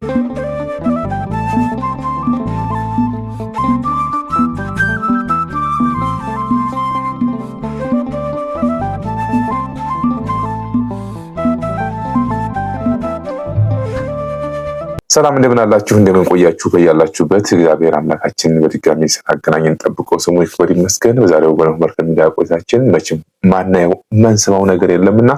ሰላም እንደምን አላችሁ? እንደምን ቆያችሁ? በያላችሁበት እግዚአብሔር አምላካችን በድጋሚ ስናገናኘን ጠብቆ ስሙ ይክበር ይመስገን። በዛሬው ወገነ መርከብ እንዳያቆይታችን መቼም ማናየው መንስማው ነገር የለምና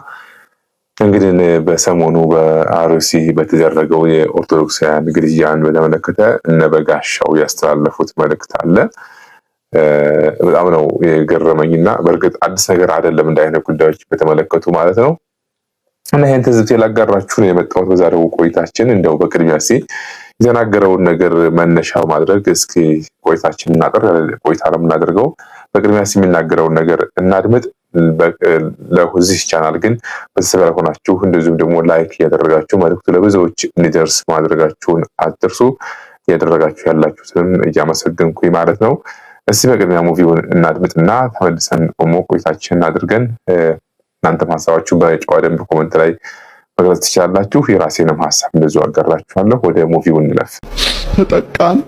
እንግዲህ በሰሞኑ በአርሲ በተደረገው የኦርቶዶክሳውያን ግድያን በተመለከተ እነ በጋሻው ያስተላለፉት መልእክት አለ። በጣም ነው የገረመኝና በእርግጥ አዲስ ነገር አይደለም እንደ አይነት ጉዳዮች በተመለከቱ ማለት ነው። እና ይህን ትዝብት ላጋራችሁ ነው የመጣሁት በዛሬው ቆይታችን። እንደው በቅድሚያ ሲ የተናገረውን ነገር መነሻ ማድረግ እስኪ ቆይታችን እናጠር ቆይታ ለምናደርገው በቅድሚያ ሲ የሚናገረውን ነገር እናድምጥ። ለዚህ ቻናል ግን ቤተሰብ ያልሆናችሁ እንደዚሁም ደግሞ ላይክ እያደረጋችሁ መልዕክቱ ለብዙዎች እንዲደርስ ማድረጋችሁን አትርሱ። እያደረጋችሁ ያላችሁትንም እያመሰገንኩኝ ማለት ነው። እስቲ በቅድሚያ ሙቪውን እናድምጥና ተመልሰን ቆሞ ቆይታችን አድርገን እናንተም ሀሳባችሁ በጨዋ ደንብ ኮመንት ላይ መግለጽ ትችላላችሁ። የራሴንም ሀሳብ እንደዚሁ አጋራችኋለሁ። ወደ ሙቪው እንለፍ። ተጠቃን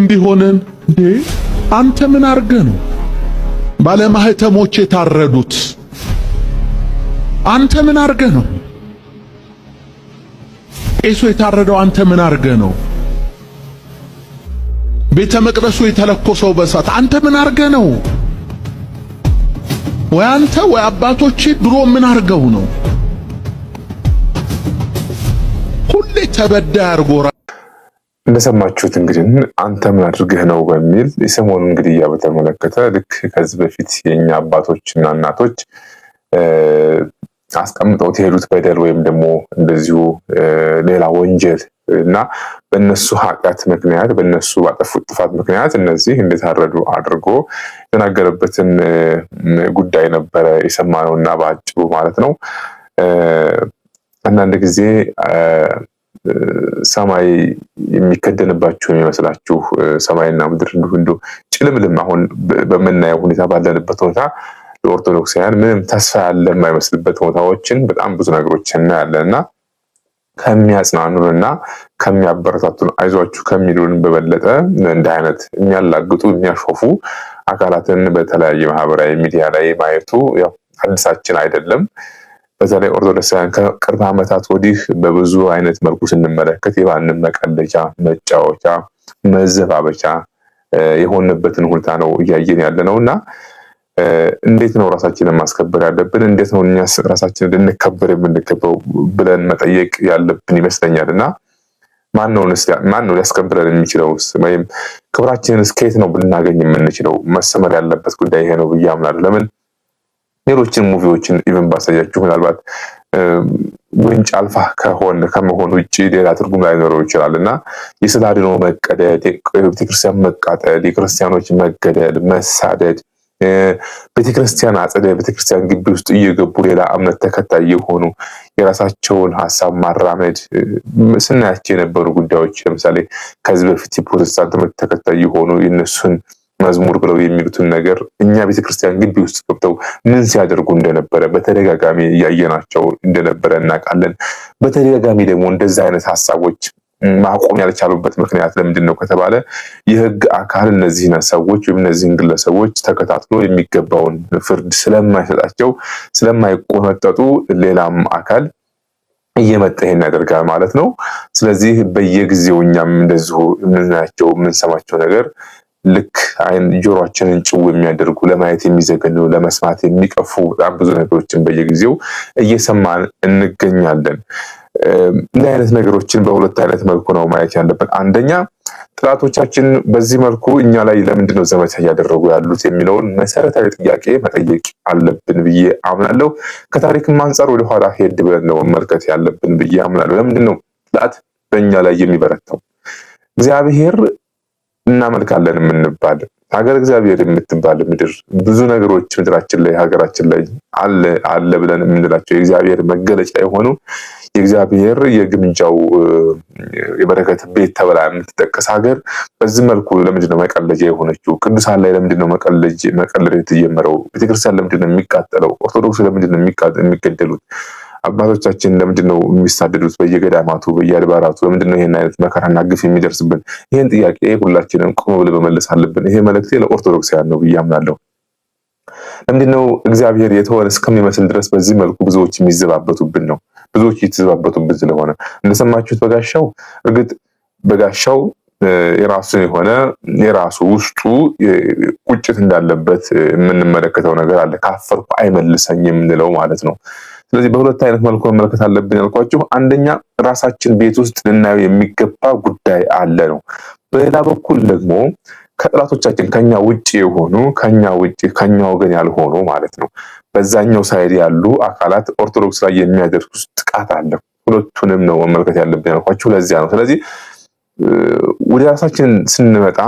እንዲሆነን እንዴ አንተ ምን አድርገህ ነው ባለማህተሞች የታረዱት አንተ ምን አርገ ነው? ቄሱ የታረደው አንተ ምን አርገ ነው? ቤተ መቅደሱ የተለኮሰው በሳት አንተ ምን አርገ ነው? ወይ አንተ ወይ አባቶች ድሮ ምን አርገው ነው? ሁሌ ተበዳ አርጎራ እንደሰማችሁት እንግዲህ አንተ ምን አድርገህ ነው በሚል የሰሞኑን ግድያ በተመለከተ ልክ ከዚህ በፊት የእኛ አባቶችና እናቶች አስቀምጠውት የሄዱት በደል ወይም ደግሞ እንደዚሁ ሌላ ወንጀል እና በእነሱ ኃጢአት ምክንያት በእነሱ ባጠፉት ጥፋት ምክንያት እነዚህ እንደታረዱ አድርጎ የተናገረበትን ጉዳይ ነበረ የሰማነው እና በአጭሩ ማለት ነው። አንዳንድ ጊዜ ሰማይ የሚከደንባችሁ የሚመስላችሁ ሰማይና ምድር እንዲሁ እንዲሁ ጭልምልም አሁን በምናየው ሁኔታ ባለንበት ሁኔታ ለኦርቶዶክሳውያን ምንም ተስፋ ያለ የማይመስልበት ሁኔታዎችን በጣም ብዙ ነገሮች እናያለን እና ከሚያጽናኑን እና ከሚያበረታቱን አይዟችሁ ከሚሉን በበለጠ እንዲህ አይነት የሚያላግጡ የሚያሾፉ አካላትን በተለያየ ማህበራዊ ሚዲያ ላይ ማየቱ ያው አዲሳችን አይደለም። በተለይ ኦርቶዶክሳውያን ከቅርብ ዓመታት ወዲህ በብዙ አይነት መልኩ ስንመለከት የባን መቀለጃ፣ መጫወቻ፣ መዘባበቻ የሆነበትን ሁኔታ ነው እያየን ያለ ነው እና እንዴት ነው ራሳችንን ማስከበር ያለብን? እንዴት ነው እኛ ራሳችንን ልንከበር የምንገባው ብለን መጠየቅ ያለብን ይመስለኛል እና ማን ነው ሊያስከብረን የሚችለው ወይም ክብራችንን እስከየት ነው ልናገኝ የምንችለው? መሰመር ያለበት ጉዳይ ይሄ ነው ብዬ አምናለሁ። ለምን ሌሎችን ሙቪዎችን ኢቨን ባሳያችሁ ምናልባት ጉንጭ አልፋ ከሆነ ከመሆን ውጭ ሌላ ትርጉም ላይኖረው ይችላል እና የስዕል አድኖ መቀደድ፣ ቤተክርስቲያን መቃጠል፣ የክርስቲያኖች መገደል፣ መሳደድ ቤተክርስቲያን አጽደ ቤተክርስቲያን ግቢ ውስጥ እየገቡ ሌላ እምነት ተከታይ የሆኑ የራሳቸውን ሀሳብ ማራመድ ስናያቸው የነበሩ ጉዳዮች ለምሳሌ ከዚህ በፊት የፕሮቴስታንት እምነት ተከታይ የሆኑ የነሱን መዝሙር ብለው የሚሉትን ነገር እኛ ቤተክርስቲያን ግቢ ውስጥ ገብተው ምን ሲያደርጉ እንደነበረ በተደጋጋሚ እያየናቸው እንደነበረ እናውቃለን። በተደጋጋሚ ደግሞ እንደዚህ አይነት ሀሳቦች ማቆም ያልቻሉበት ምክንያት ለምንድን ነው ከተባለ የህግ አካል እነዚህን ሰዎች ወይም እነዚህን ግለሰቦች ተከታትሎ የሚገባውን ፍርድ ስለማይሰጣቸው ስለማይቆነጠጡ ሌላም አካል እየመጣ ይሄን ያደርጋል ማለት ነው። ስለዚህ በየጊዜው እኛም እንደዚሁ የምናያቸው የምንሰማቸው ነገር ልክ አይን ጆሮችንን ጭው የሚያደርጉ ለማየት የሚዘገኑ ለመስማት የሚቀፉ በጣም ብዙ ነገሮችን በየጊዜው እየሰማን እንገኛለን። እንዲህ አይነት ነገሮችን በሁለት አይነት መልኩ ነው ማየት ያለብን። አንደኛ ጥላቶቻችን በዚህ መልኩ እኛ ላይ ለምንድን ነው ዘመቻ እያደረጉ ያሉት የሚለውን መሰረታዊ ጥያቄ መጠየቅ አለብን ብዬ አምናለሁ። ከታሪክም አንጻር ወደኋላ ሄድ ብለን ነው መመልከት ያለብን ብዬ አምናለሁ። ለምንድን ነው ጥላት በእኛ ላይ የሚበረታው? እግዚአብሔር እናመልካለን የምንባል ሀገር እግዚአብሔር የምትባል ምድር ብዙ ነገሮች ምድራችን ላይ ሀገራችን ላይ አለ አለ ብለን የምንላቸው የእግዚአብሔር መገለጫ የሆኑ የእግዚአብሔር የግምጃው የበረከት ቤት ተብላ የምትጠቀስ ሀገር በዚህ መልኩ ለምንድነው መቀለጃ የሆነችው? ቅዱሳን ላይ ለምንድነው መቀለድ የተጀመረው? ቤተክርስቲያን ለምንድነው የሚቃጠለው? ኦርቶዶክስ ነው የሚገደሉት? አባቶቻችን ለምንድን ነው የሚሳደዱት? በየገዳማቱ በየአድባራቱ ለምንድን ነው ይህን አይነት መከራና ግፍ የሚደርስብን? ይህን ጥያቄ ሁላችንም ቆም ብለን መመለስ አለብን። ይሄ መልእክቴ ለኦርቶዶክሳውያን ነው ብዬ አምናለሁ። ለምንድን ነው እግዚአብሔር የተወን እስከሚመስል ድረስ በዚህ መልኩ ብዙዎች የሚዘባበቱብን ነው? ብዙዎች እየተዘባበቱብን ስለሆነ እንደሰማችሁት በጋሻው እርግጥ በጋሻው የራሱ የሆነ የራሱ ውስጡ ቁጭት እንዳለበት የምንመለከተው ነገር አለ። ካፈርኩ አይመልሰኝ የምንለው ማለት ነው። ስለዚህ በሁለት አይነት መልኩ መመልከት አለብን ያልኳችሁ፣ አንደኛ ራሳችን ቤት ውስጥ ልናየው የሚገባ ጉዳይ አለ ነው። በሌላ በኩል ደግሞ ከጥላቶቻችን ከኛ ውጭ የሆኑ ከኛ ውጭ ከኛ ወገን ያልሆኑ ማለት ነው በዛኛው ሳይድ ያሉ አካላት ኦርቶዶክስ ላይ የሚያደርሱት ጥቃት አለ። ሁለቱንም ነው መመልከት ያለብን ያልኳችሁ ለዚያ ነው። ስለዚህ ወደ ራሳችን ስንመጣ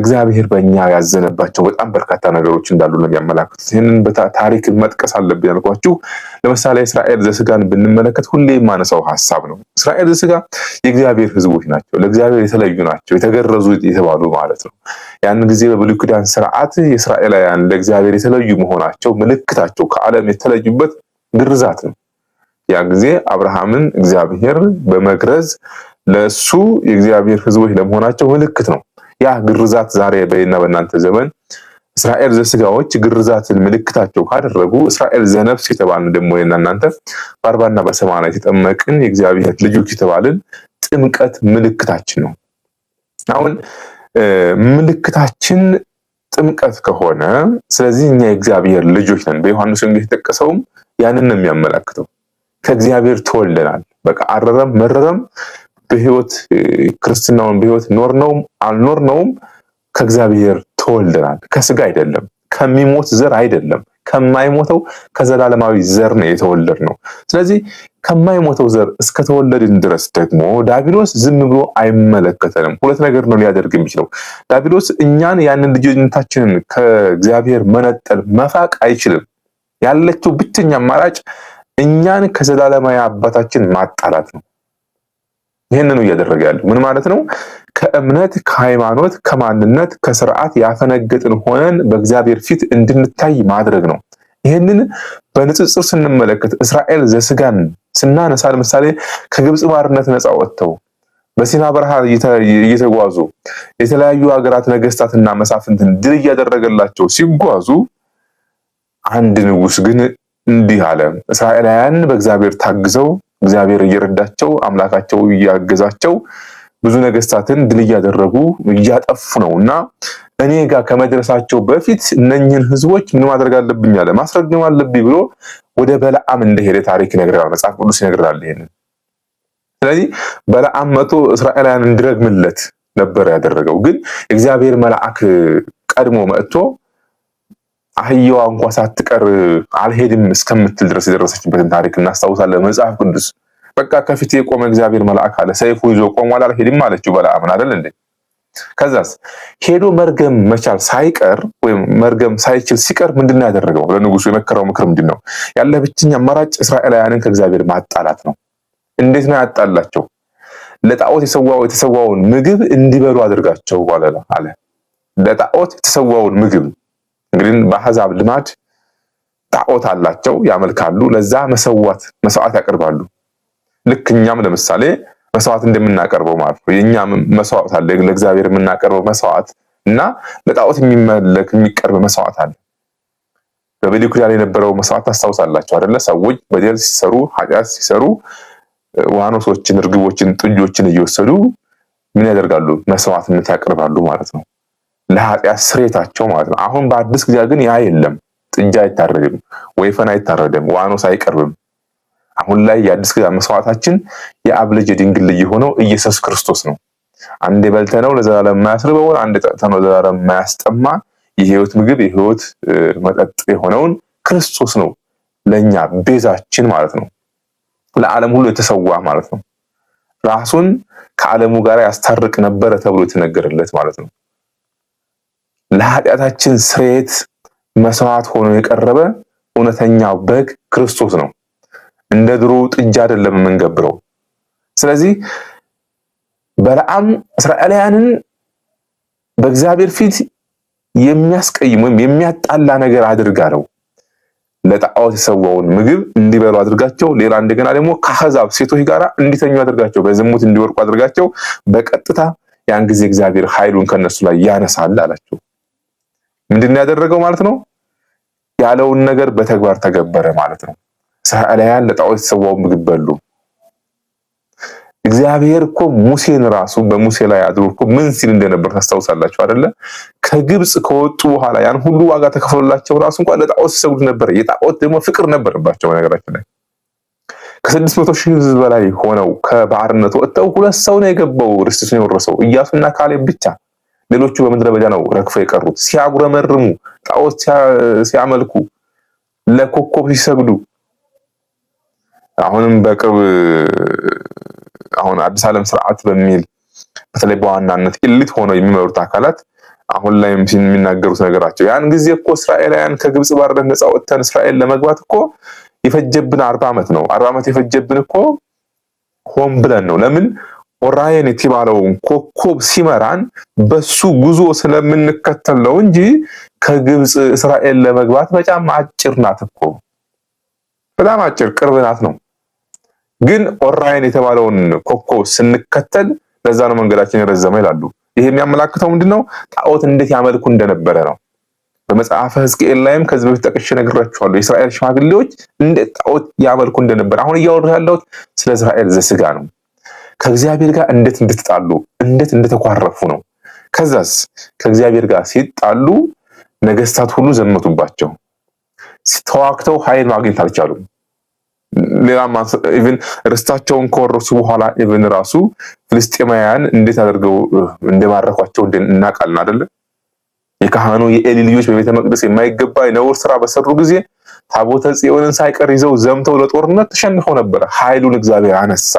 እግዚአብሔር በእኛ ያዘነባቸው በጣም በርካታ ነገሮች እንዳሉ ነው የሚያመላክቱት። ይህንን ታሪክ መጥቀስ አለብን ያልኳችሁ፣ ለምሳሌ እስራኤል ዘስጋን ብንመለከት ሁሌ የማነሳው ሀሳብ ነው። እስራኤል ዘስጋ የእግዚአብሔር ሕዝቦች ናቸው። ለእግዚአብሔር የተለዩ ናቸው፣ የተገረዙ የተባሉ ማለት ነው። ያን ጊዜ በብሉይ ኪዳን ስርዓት የእስራኤላውያን ለእግዚአብሔር የተለዩ መሆናቸው ምልክታቸው ከዓለም የተለዩበት ግርዛት ነው። ያ ጊዜ አብርሃምን እግዚአብሔር በመግረዝ ለእሱ የእግዚአብሔር ህዝቦች ለመሆናቸው ምልክት ነው። ያ ግርዛት ዛሬ በእና በእናንተ ዘመን እስራኤል ዘስጋዎች ግርዛትን ምልክታቸው ካደረጉ እስራኤል ዘነፍስ የተባልን ደግሞ ና እናንተ በአርባና በሰማንያ የተጠመቅን የእግዚአብሔር ልጆች የተባልን ጥምቀት ምልክታችን ነው። አሁን ምልክታችን ጥምቀት ከሆነ ስለዚህ እኛ የእግዚአብሔር ልጆች ነን። በዮሐንስ ወንጌል የተጠቀሰውም ያንን ነው የሚያመላክተው። ከእግዚአብሔር ተወልደናል። በቃ አረረም መረረም በህይወት ክርስትናውን በህይወት ኖር ነውም አልኖር ነውም ከእግዚአብሔር ተወልደናል። ከስጋ አይደለም፣ ከሚሞት ዘር አይደለም፣ ከማይሞተው ከዘላለማዊ ዘር ነው የተወለድ ነው። ስለዚህ ከማይሞተው ዘር እስከተወለድን ድረስ ደግሞ ዲያብሎስ ዝም ብሎ አይመለከተንም። ሁለት ነገር ነው ሊያደርግ የሚችለው። ዲያብሎስ እኛን ያንን ልጅነታችንን ከእግዚአብሔር መነጠል መፋቅ አይችልም። ያለችው ብቸኛ አማራጭ እኛን ከዘላለማዊ አባታችን ማጣላት ነው። ይህንኑ እያደረገ ያለው ምን ማለት ነው? ከእምነት ከሃይማኖት፣ ከማንነት፣ ከስርዓት ያፈነገጥን ሆነን በእግዚአብሔር ፊት እንድንታይ ማድረግ ነው። ይህንን በንጽጽር ስንመለከት እስራኤል ዘስጋን ስናነሳ ለምሳሌ ከግብፅ ባርነት ነፃ ወጥተው በሲና በረሃ እየተጓዙ የተለያዩ ሀገራት ነገስታትና መሳፍንትን ድል እያደረገላቸው ሲጓዙ አንድ ንጉስ ግን እንዲህ አለ፣ እስራኤላውያን በእግዚአብሔር ታግዘው እግዚአብሔር እየረዳቸው አምላካቸው እያገዛቸው ብዙ ነገስታትን ድል እያደረጉ እያጠፉ ነው እና እኔ ጋር ከመድረሳቸው በፊት እነኝን ህዝቦች ምን ማድረግ አለብኝ አለ ማስረግም አለብኝ ብሎ ወደ በለዓም እንደሄደ ታሪክ ይነግራል፣ መጽሐፍ ቅዱስ ይነግራል ይሄንን። ስለዚህ በለዓም መቶ እስራኤላውያን እንዲረግምለት ነበረ ያደረገው። ግን እግዚአብሔር መልአክ ቀድሞ መጥቶ አህያዋ እንኳ ሳትቀር አልሄድም እስከምትል ድረስ የደረሰችበትን ታሪክ እናስታውሳለን። መጽሐፍ ቅዱስ በቃ ከፊት የቆመ እግዚአብሔር መልአክ አለ፣ ሰይፉ ይዞ ቆሟል፣ አልሄድም አለችው በለዓምን አይደል እንዴ? ከዛስ ሄዶ መርገም መቻል ሳይቀር ወይም መርገም ሳይችል ሲቀር ምንድን ነው ያደረገው? ለንጉሱ የመከረው ምክር ምንድን ነው? ያለ ብቸኛ አማራጭ እስራኤላውያንን ከእግዚአብሔር ማጣላት ነው። እንዴት ነው ያጣላቸው? ለጣዖት የተሰዋውን ምግብ እንዲበሉ አድርጋቸው አለ። ለጣዖት የተሰዋውን ምግብ እንግዲህ በአሕዛብ ልማድ ጣዖት አላቸው፣ ያመልካሉ። ለዛ መሰዋት መስዋዕት ያቀርባሉ። ልክ እኛም ለምሳሌ መስዋዕት እንደምናቀርበው ማለት ነው። የኛም መስዋዕት አለ፣ ለእግዚአብሔር የምናቀርበው መስዋዕት እና ለጣዖት የሚመለክ የሚቀርብ መስዋዕት አለ። በብሉይ ኪዳን የነበረው መስዋዕት ታስታውሳላችሁ አይደለ? ሰዎች በደል ሲሰሩ ኃጢአት ሲሰሩ ዋኖሶችን፣ እርግቦችን፣ ጥጆችን እየወሰዱ ምን ያደርጋሉ? መስዋዕትነት ያቀርባሉ ማለት ነው። ለኃጢአት ስሬታቸው ማለት ነው። አሁን በአዲስ ጊዜ ግን ያ የለም። ጥጃ አይታረድም፣ ወይፈን አይታረድም፣ ዋኖስ አይቀርብም። አሁን ላይ የአዲስ ጊዜ መስዋዕታችን የአብ ልጅ ልጅ የሆነው ኢየሱስ ክርስቶስ ነው። አንዴ ነው ለዘላለም የማያስርበው፣ አንዴ ነው ለዘላለም የማያስጠማ የህይወት ምግብ የህይወት መጠጥ የሆነውን ክርስቶስ ነው ለኛ ቤዛችን ማለት ነው። ለዓለም ሁሉ የተሰዋ ማለት ነው። ራሱን ከዓለሙ ጋር ያስታርቅ ነበረ ተብሎ የተነገረለት ማለት ነው። ለኃጢአታችን ስርየት መስዋዕት ሆኖ የቀረበ እውነተኛው በግ ክርስቶስ ነው። እንደ ድሮ ጥጃ አይደለም የምንገብረው። ስለዚህ በለዓም እስራኤላውያንን በእግዚአብሔር ፊት የሚያስቀይም ወይም የሚያጣላ ነገር አድርጋለው ለጣዖት የሰዋውን ምግብ እንዲበሉ አድርጋቸው። ሌላ እንደገና ደግሞ ከአሕዛብ ሴቶች ጋር እንዲተኙ አድርጋቸው፣ በዝሙት እንዲወርቁ አድርጋቸው። በቀጥታ ያን ጊዜ እግዚአብሔር ኃይሉን ከነሱ ላይ ያነሳል አላቸው። ምንድን ያደረገው ማለት ነው? ያለውን ነገር በተግባር ተገበረ ማለት ነው። እስራኤላውያን ለጣዖት የተሰዋው ምግብ በሉ። እግዚአብሔር እኮ ሙሴን ራሱ በሙሴ ላይ አድሮ እኮ ምን ሲል እንደነበር ታስታውሳላችሁ አይደለ? ከግብፅ ከወጡ በኋላ ያን ሁሉ ዋጋ ተከፍሎላቸው ራሱ እንኳን ለጣዖት ሲሰግዱ ነበር። የጣዖት ደግሞ ፍቅር ነበረባቸው። በነገራችን ላይ ከስድስት መቶ ሺህ በላይ ሆነው ከባርነት ወጥተው ሁለት ሰው ነው የገባው ርስቱን የወረሰው እያሱና ካሌብ ብቻ። ሌሎቹ በምድረ በዳ ነው ረግፈው የቀሩት። ሲያጉረመርሙ፣ ጣዖት ሲያመልኩ፣ ለኮከብ ሲሰግዱ አሁንም በቅርብ አሁን አዲስ ዓለም ስርዓት በሚል በተለይ በዋናነት ኢሊት ሆነው የሚመሩት አካላት አሁን ላይ የሚናገሩት ነገራቸው ያን ጊዜ እኮ እስራኤላውያን ከግብጽ ባርነት ነፃ ወጥተን እስራኤል ለመግባት እኮ የፈጀብን አርባ ዓመት ነው። አርባ ዓመት የፈጀብን እኮ ሆን ብለን ነው። ለምን ኦራየን የተባለውን ኮከብ ሲመራን በሱ ጉዞ ስለምንከተል ነው እንጂ ከግብፅ እስራኤል ለመግባት በጣም አጭር ናት እኮ በጣም አጭር ቅርብ ናት ነው። ግን ኦራየን የተባለውን ኮከብ ስንከተል ለዛ ነው መንገዳችን የረዘመ ይላሉ። ይህ የሚያመላክተው ምንድነው? ጣዖት እንዴት ያመልኩ እንደነበረ ነው። በመጽሐፈ ሕዝቅኤል ላይም ከዚህ በፊት ጠቅሼ ነግራችኋለሁ። የእስራኤል ሽማግሌዎች እንዴት ጣዖት ያመልኩ እንደነበረ። አሁን እያወሩ ያለሁት ስለ እስራኤል ዘስጋ ነው። ከእግዚአብሔር ጋር እንዴት እንድትጣሉ እንዴት እንደተኳረፉ ነው። ከዛስ ከእግዚአብሔር ጋር ሲጣሉ ነገስታት ሁሉ ዘመቱባቸው። ተዋግተው ኃይል ማግኘት አልቻሉም። ሌላ ኢቨን ርስታቸውን ከወረሱ በኋላ ኢቨን ራሱ ፍልስጤማውያን እንዴት አድርገው እንደማረኳቸው እናውቃለን አደለ? የካህኑ የኤሊ ልጆች በቤተ መቅደስ የማይገባ የነውር ስራ በሰሩ ጊዜ ታቦተ ጽዮንን ሳይቀር ይዘው ዘምተው ለጦርነት ተሸንፈው ነበረ። ኃይሉን እግዚአብሔር አነሳ።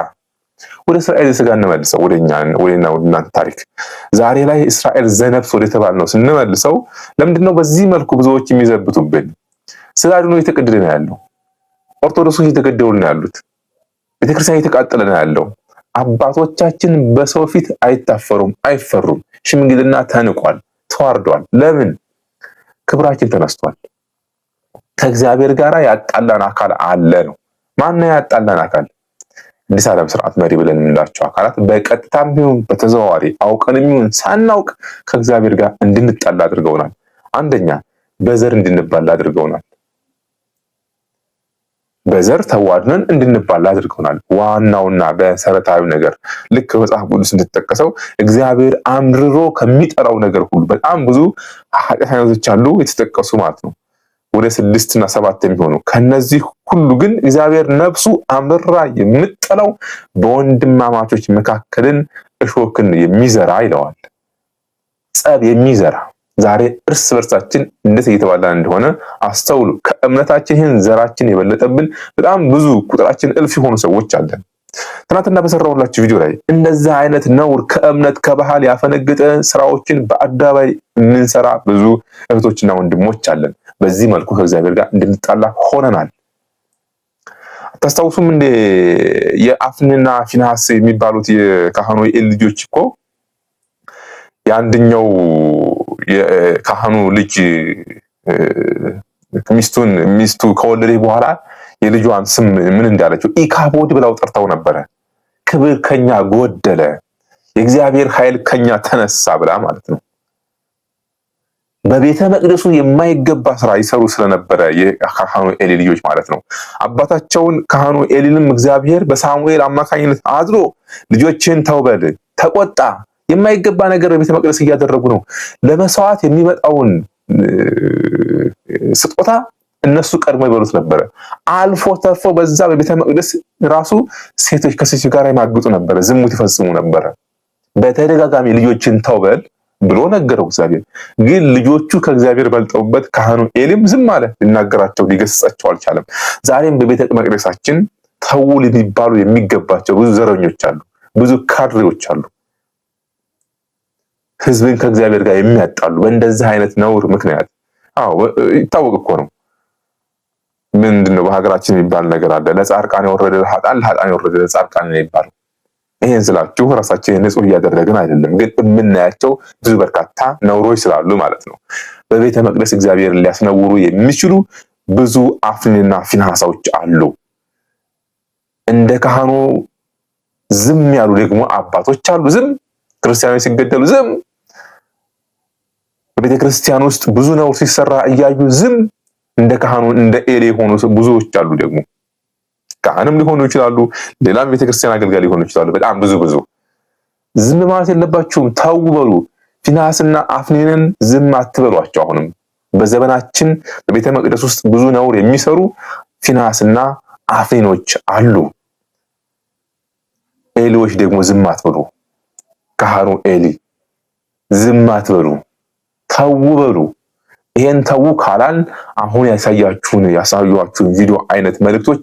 ወደ እስራኤል ስጋ እንመልሰው፣ ወደኛ ወደና እናንተ ታሪክ ዛሬ ላይ እስራኤል ዘነብስ ወደ ተባል ነው ስንመልሰው፣ ለምንድን ነው በዚህ መልኩ ብዙዎች የሚዘብቱብን? ስጋ አድኖ የተቀደደ ነው ያለው። ኦርቶዶክሶች የተገደሉ ነው ያሉት። ቤተክርስቲያን የተቃጠለ ነው ያለው። አባቶቻችን በሰው ፊት አይታፈሩም፣ አይፈሩም። ሽምግልና ተንቋል፣ ተዋርዷል። ለምን? ክብራችን ተነስቷል። ከእግዚአብሔር ጋር ያጣላን አካል አለ ነው። ማነው ያጣላን አካል? አዲስ ዓለም ስርዓት መሪ ብለን የምንላቸው አካላት በቀጥታም ቢሆን በተዘዋዋሪ አውቀን የሚሆን ሳናውቅ ከእግዚአብሔር ጋር እንድንጣላ አድርገውናል። አንደኛ በዘር እንድንባላ አድርገውናል። በዘር ተዋድነን እንድንባላ አድርገውናል። ዋናውና መሰረታዊ ነገር ልክ መጽሐፍ ቅዱስ እንደተጠቀሰው እግዚአብሔር አምርሮ ከሚጠራው ነገር ሁሉ በጣም ብዙ ኃጢአት አይነቶች አሉ የተጠቀሱ ማለት ነው ወደ ስድስትና ሰባት የሚሆኑ ከነዚህ ሁሉ ግን እግዚአብሔር ነፍሱ አምራ የምጠላው በወንድማማቾች መካከልን እሾክን የሚዘራ ይለዋል። ጸብ የሚዘራ ዛሬ እርስ በርሳችን እንዴት እየተባላን እንደሆነ አስተውሉ። ከእምነታችን ይህን ዘራችን የበለጠብን በጣም ብዙ ቁጥራችን እልፍ የሆኑ ሰዎች አለን። ትናንትና በሰራሁላችሁ ቪዲዮ ላይ እንደዚህ አይነት ነውር ከእምነት ከባህል ያፈነገጠ ስራዎችን በአደባባይ የምንሰራ ብዙ እህቶችና ወንድሞች አለን። በዚህ መልኩ ከእግዚአብሔር ጋር እንድንጣላ ሆነናል። ታስታውሱም እንደ የአፍንና ፊንሐስ የሚባሉት የካህኑ የኤል ልጆች እኮ የአንደኛው የካህኑ ልጅ ሚስቱን ሚስቱ ከወለደች በኋላ የልጇን ስም ምን እንዳለችው ኢካቦድ ብለው ጠርተው ነበረ። ክብር ከኛ ጎደለ፣ የእግዚአብሔር ኃይል ከኛ ተነሳ ብላ ማለት ነው። በቤተ መቅደሱ የማይገባ ስራ ይሰሩ ስለነበረ የካህኑ ኤሊ ልጆች ማለት ነው። አባታቸውን ካህኑ ኤሊንም እግዚአብሔር በሳሙኤል አማካኝነት አዝሎ ልጆችን ተውበል ተቆጣ። የማይገባ ነገር በቤተ መቅደስ እያደረጉ ነው። ለመስዋዕት የሚመጣውን ስጦታ እነሱ ቀድሞ ይበሉት ነበረ። አልፎ ተርፎ በዛ በቤተ መቅደስ ራሱ ሴቶች ከሴቶች ጋር ይማግጡ ነበረ፣ ዝሙት ይፈጽሙ ነበረ። በተደጋጋሚ ልጆችን ተውበል ብሎ ነገረው እግዚአብሔር። ግን ልጆቹ ከእግዚአብሔር በልጠውበት ካህኑ ኤሊም ዝም አለ፣ ሊናገራቸው ሊገስጻቸው አልቻለም። ዛሬም በቤተ መቅደሳችን ተውል የሚባሉ የሚገባቸው ብዙ ዘረኞች አሉ፣ ብዙ ካድሬዎች አሉ፣ ህዝብን ከእግዚአብሔር ጋር የሚያጣሉ በእንደዚህ አይነት ነውር ምክንያት። አዎ ይታወቅ እኮ ነው። ምንድነው በሀገራችን የሚባል ነገር አለ፣ ለጻርቃን የወረደ ለሀጣን፣ ለሀጣን የወረደ ለጻርቃን ነው ይሄን ስላችሁ ራሳችን ንጹህ እያደረግን አይደለም፣ ግን የምናያቸው ብዙ በርካታ ነውሮች ስላሉ ማለት ነው። በቤተ መቅደስ እግዚአብሔርን ሊያስነውሩ የሚችሉ ብዙ አፍኒና ፊንሃሳዎች አሉ። እንደ ካህኑ ዝም ያሉ ደግሞ አባቶች አሉ። ዝም ክርስቲያኖች ሲገደሉ ዝም፣ በቤተ ክርስቲያን ውስጥ ብዙ ነውር ሲሰራ እያዩ ዝም እንደ ካህኑ እንደ ኤሌ የሆኑ ብዙዎች አሉ ደግሞ ካህንም ሊሆኑ ይችላሉ፣ ሌላም ቤተክርስቲያን አገልጋይ ሊሆኑ ይችላሉ። በጣም ብዙ ብዙ ዝም ማለት የለባችሁም ተው በሉ። ፊናስና አፍኒንን ዝም አትበሏቸው። አሁንም በዘመናችን በቤተ መቅደስ ውስጥ ብዙ ነውር የሚሰሩ ፊናስና አፍኒኖች አሉ። ኤሊዎች ደግሞ ዝም አትበሉ። ካህኑ ኤሊ ዝም አትበሉ፣ ተው በሉ። ይሄን ተው ካላል አሁን ያሳያችሁን ያሳዩዋችሁን ቪዲዮ አይነት መልእክቶች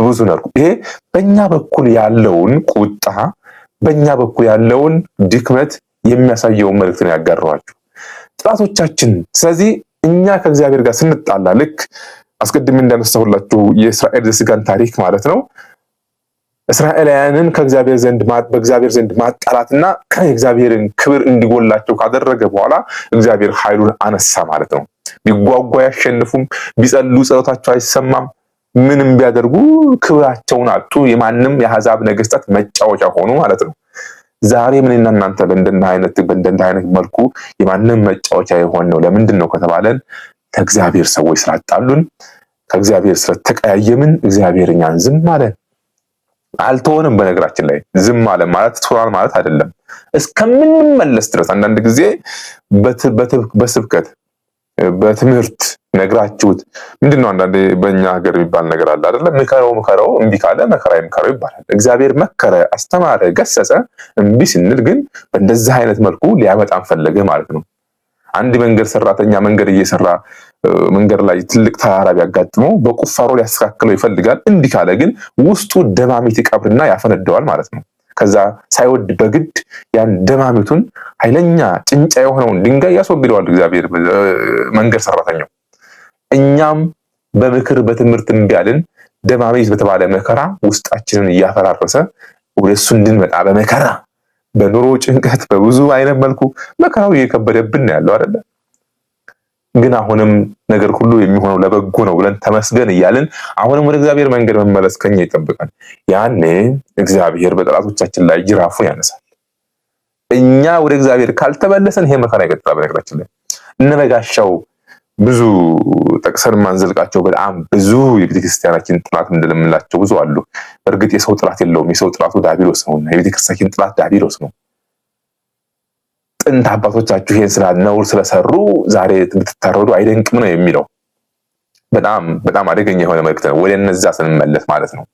በብዙ ነርኩ። ይሄ በእኛ በኩል ያለውን ቁጣ፣ በእኛ በኩል ያለውን ድክመት የሚያሳየውን መልእክት ነው ያጋራኋችሁ ጥላቶቻችን። ስለዚህ እኛ ከእግዚአብሔር ጋር ስንጣላ ልክ አስቀድሜ እንዳነሳሁላችሁ የእስራኤል ዘስጋን ታሪክ ማለት ነው። እስራኤላውያንን ከእግዚአብሔር ዘንድ በእግዚአብሔር ዘንድ ማጣላትና የእግዚአብሔርን ክብር እንዲጎላቸው ካደረገ በኋላ እግዚአብሔር ኃይሉን አነሳ ማለት ነው። ቢጓጓ አያሸንፉም፣ ቢጸሉ ጸሎታቸው አይሰማም። ምንም ቢያደርጉ ክብራቸውን አጡ። የማንም የአሕዛብ ነገስታት መጫወቻ ሆኑ ማለት ነው። ዛሬ ምንና እናንተ በእንደና አይነት በእንደና አይነት መልኩ የማንም መጫወቻ የሆን ነው። ለምንድን ነው ከተባለን ከእግዚአብሔር ሰዎች ስላጣሉን፣ ከእግዚአብሔር ስለተቀያየምን እግዚአብሔር እኛን ዝም አለን። አልተሆንም። በነገራችን ላይ ዝም አለ ማለት ትሆናል ማለት አይደለም። እስከምንመለስ ድረስ አንዳንድ ጊዜ በስብከት በትምህርት ነግራችሁት ምንድን ነው? አንዳንዴ በእኛ ሀገር የሚባል ነገር አለ አይደለም? ምከረው ምከረው እምቢ ካለ መከራ ምከረው ይባላል። እግዚአብሔር መከረ፣ አስተማረ፣ ገሰጸ። እምቢ ስንል ግን በእንደዚህ አይነት መልኩ ሊያመጣን ፈለገ ማለት ነው። አንድ መንገድ ሰራተኛ መንገድ እየሰራ መንገድ ላይ ትልቅ ተራራ ቢያጋጥመው በቁፋሮ ሊያስተካክለው ይፈልጋል። እንዲህ ካለ ግን ውስጡ ደማሚት ይቀብርና ያፈነደዋል ማለት ነው። ከዛ ሳይወድ በግድ ያን ደማሚቱን ኃይለኛ ጭንጫ የሆነውን ድንጋይ ያስወግደዋል እግዚአብሔር መንገድ ሰራተኛው። እኛም በምክር በትምህርት እምቢ አልን። ደማሚት በተባለ መከራ ውስጣችንን እያፈራረሰ ወደ እሱ እንድንመጣ በመከራ በኑሮ ጭንቀት በብዙ አይነት መልኩ መከራው እየከበደብን ያለው አይደለም። ግን አሁንም ነገር ሁሉ የሚሆነው ለበጎ ነው ብለን ተመስገን እያልን አሁንም ወደ እግዚአብሔር መንገድ መመለስ ከኛ ይጠብቃል። ያኔ እግዚአብሔር በጠላቶቻችን ላይ ጅራፉ ያነሳል። እኛ ወደ እግዚአብሔር ካልተመለሰን ይሄ መከራ ይቀጥላል። በነገራችን ላይ እነ ብዙ ጠቅሰን ማንዘልቃቸው በጣም ብዙ የቤተክርስቲያናችን ጥላት እንደለምላቸው ብዙ አሉ። በእርግጥ የሰው ጥላት የለውም። የሰው ጥላቱ ዳቢሎስ ነውና የቤተክርስቲያናችን ጥላት ዳቢሎስ ነው። ጥንት አባቶቻችሁ ይህን ስራ ነውር ስለሰሩ ዛሬ ብትታረዱ አይደንቅም ነው የሚለው። በጣም በጣም አደገኛ የሆነ መልእክት ነው። ወደ እነዛ ስንመለስ ማለት ነው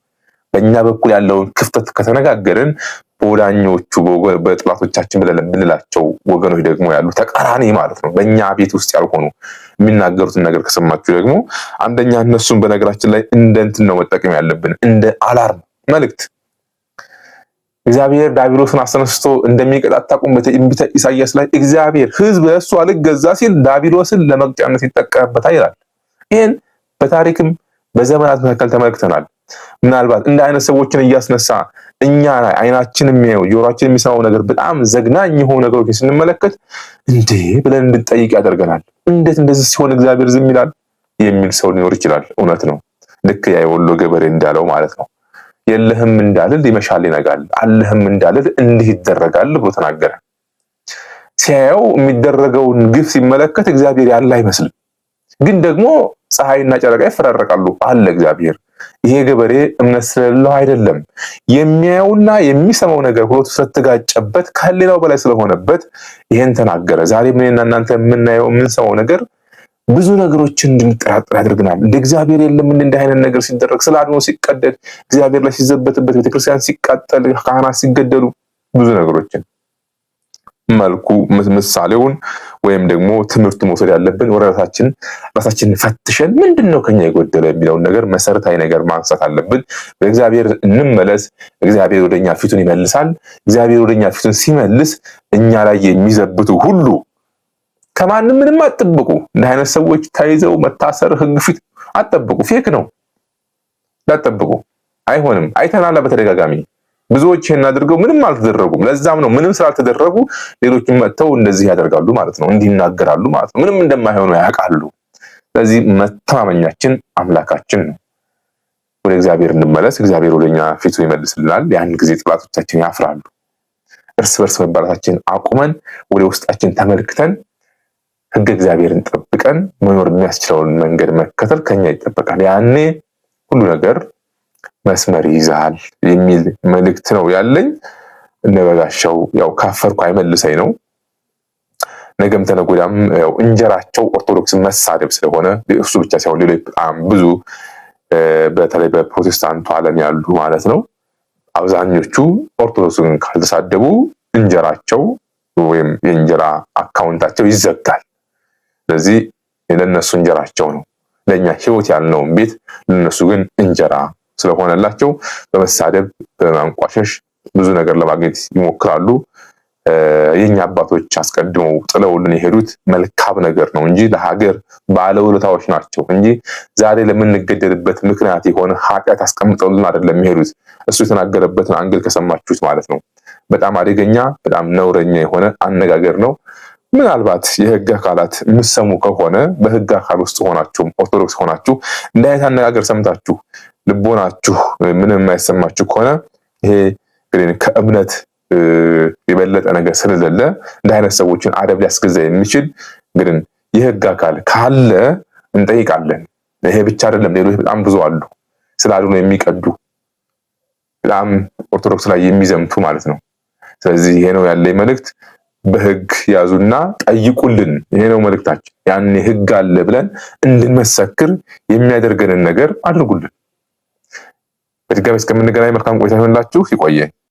በእኛ በኩል ያለውን ክፍተት ከተነጋገርን በወዳኞቹ በጥላቶቻችን ብንላቸው ወገኖች ደግሞ ያሉ ተቃራኒ ማለት ነው። በእኛ ቤት ውስጥ ያልሆኑ የሚናገሩትን ነገር ከሰማችሁ ደግሞ አንደኛ እነሱን በነገራችን ላይ እንደ እንትን ነው መጠቀም ያለብን እንደ አላርም መልእክት እግዚአብሔር ዲያብሎስን አስነስቶ እንደሚቀጣ አታውቁም? በትንቢተ ኢሳያስ ላይ እግዚአብሔር ሕዝብ ለእሱ አልገዛ ሲል ዲያብሎስን ለመቅጫነት ይጠቀምበታል ይላል። ይህን በታሪክም በዘመናት መካከል ተመልክተናል። ምናልባት እንደ አይነት ሰዎችን እያስነሳ እኛ ላይ አይናችን የሚያየው ጆሮችን የሚሰማው ነገር በጣም ዘግናኝ የሆኑ ነገሮችን ስንመለከት እንዴ ብለን እንድንጠይቅ ያደርገናል። እንዴት እንደዚህ ሲሆን እግዚአብሔር ዝም ይላል የሚል ሰው ሊኖር ይችላል። እውነት ነው። ልክ ያ የወሎ ገበሬ እንዳለው ማለት ነው። የለህም እንዳልል ይመሻል ይነጋል፣ አለህም እንዳልል እንዲህ ይደረጋል ብሎ ተናገረ። ሲያየው የሚደረገውን ግፍ ሲመለከት እግዚአብሔር ያለ አይመስልም። ግን ደግሞ ፀሐይና ጨረቃ ይፈራረቃሉ አለ እግዚአብሔር። ይሄ ገበሬ እምነት ስለሌለው አይደለም። የሚያየውና የሚሰማው ነገር ሁለቱ ስለተጋጨበት ከሌላው በላይ ስለሆነበት ይሄን ተናገረ። ዛሬ ምንና እናንተ የምናየው የምንሰማው ነገር ብዙ ነገሮችን እንድንጠራጠር ያደርግናል። እንደ እግዚአብሔር የለም እንደ አይነት ነገር ሲደረግ ስለ አድኖ ሲቀደድ እግዚአብሔር ላይ ሲዘበትበት፣ ቤተክርስቲያን ሲቃጠል፣ ካህናት ሲገደሉ ብዙ ነገሮችን መልኩ ምሳሌውን ወይም ደግሞ ትምህርቱ መውሰድ ያለብን ወደ ራሳችን ፈትሸን ምንድን ነው ከኛ የጎደለ የሚለውን ነገር መሰረታዊ ነገር ማንሳት አለብን። በእግዚአብሔር እንመለስ። እግዚአብሔር ወደኛ ፊቱን ይመልሳል። እግዚአብሔር ወደኛ ፊቱን ሲመልስ እኛ ላይ የሚዘብቱ ሁሉ ከማንም ምንም አትጠብቁ። እንደ አይነት ሰዎች ተይዘው መታሰር ህግ ፊት አትጠብቁ። ፌክ ነው እንዳትጠብቁ፣ አይሆንም። አይተናላ በተደጋጋሚ ብዙዎች ይህን አድርገው ምንም አልተደረጉም። ለዛም ነው ምንም ስላልተደረጉ ሌሎችም መጥተው እንደዚህ ያደርጋሉ ማለት ነው፣ እንዲናገራሉ ማለት ነው። ምንም እንደማይሆኑ ያውቃሉ። ስለዚህ መተማመኛችን አምላካችን ነው። ወደ እግዚአብሔር እንመለስ። እግዚአብሔር ወደኛ ፊቱ ይመልስልናል። ያን ጊዜ ጥላቶቻችን ያፍራሉ። እርስ በርስ መባላታችን አቁመን ወደ ውስጣችን ተመልክተን ህግ እግዚአብሔርን ጠብቀን መኖር የሚያስችለውን መንገድ መከተል ከኛ ይጠበቃል። ያኔ ሁሉ ነገር መስመር ይይዛል የሚል መልእክት ነው ያለኝ። እነበጋሻው ያው ካፈርኩ አይመልሰኝ ነው። ነገም ተነጎዳም ያው እንጀራቸው ኦርቶዶክስን መሳደብ ስለሆነ እሱ ብቻ ሳይሆን ሌሎች በጣም ብዙ በተለይ በፕሮቴስታንቱ ዓለም ያሉ ማለት ነው አብዛኞቹ ኦርቶዶክስን ካልተሳደቡ እንጀራቸው ወይም የእንጀራ አካውንታቸው ይዘጋል። ስለዚህ ለነሱ እንጀራቸው ነው። ለኛ ህይወት ያለውን ቤት ለነሱ ግን እንጀራ ስለሆነላቸው በመሳደብ በማንቋሸሽ ብዙ ነገር ለማግኘት ይሞክራሉ። የኛ አባቶች አስቀድመው ጥለውልን የሄዱት መልካም ነገር ነው እንጂ ለሀገር ባለውለታዎች ናቸው እንጂ ዛሬ ለምንገደልበት ምክንያት የሆነ ኃጢአት አስቀምጠውልን አይደለም የሄዱት። እሱ የተናገረበትን አንግል ከሰማችሁት ማለት ነው። በጣም አደገኛ በጣም ነውረኛ የሆነ አነጋገር ነው። ምናልባት የህግ አካላት የምትሰሙ ከሆነ በህግ አካል ውስጥ ሆናችሁም ኦርቶዶክስ ሆናችሁ እንደ አነጋገር ሰምታችሁ ልቦናችሁ ምንም የማይሰማችሁ ከሆነ ይሄ ከእምነት የበለጠ ነገር ስለሌለ እንደ አይነት ሰዎችን አደብ ሊያስገዛ የሚችል ግን የህግ አካል ካለ እንጠይቃለን። ይሄ ብቻ አይደለም፣ ሌሎች በጣም ብዙ አሉ። ስለ ነው የሚቀዱ በጣም ኦርቶዶክስ ላይ የሚዘምቱ ማለት ነው። ስለዚህ ይሄ ነው ያለኝ መልእክት። በህግ ያዙና ጠይቁልን። ይሄ ነው መልእክታችን። ያኔ ህግ አለ ብለን እንድንመሰክር የሚያደርገንን ነገር አድርጉልን። በድጋሚ እስከምንገናኝ መልካም ቆይታ ይሆንላችሁ። ይቆየን።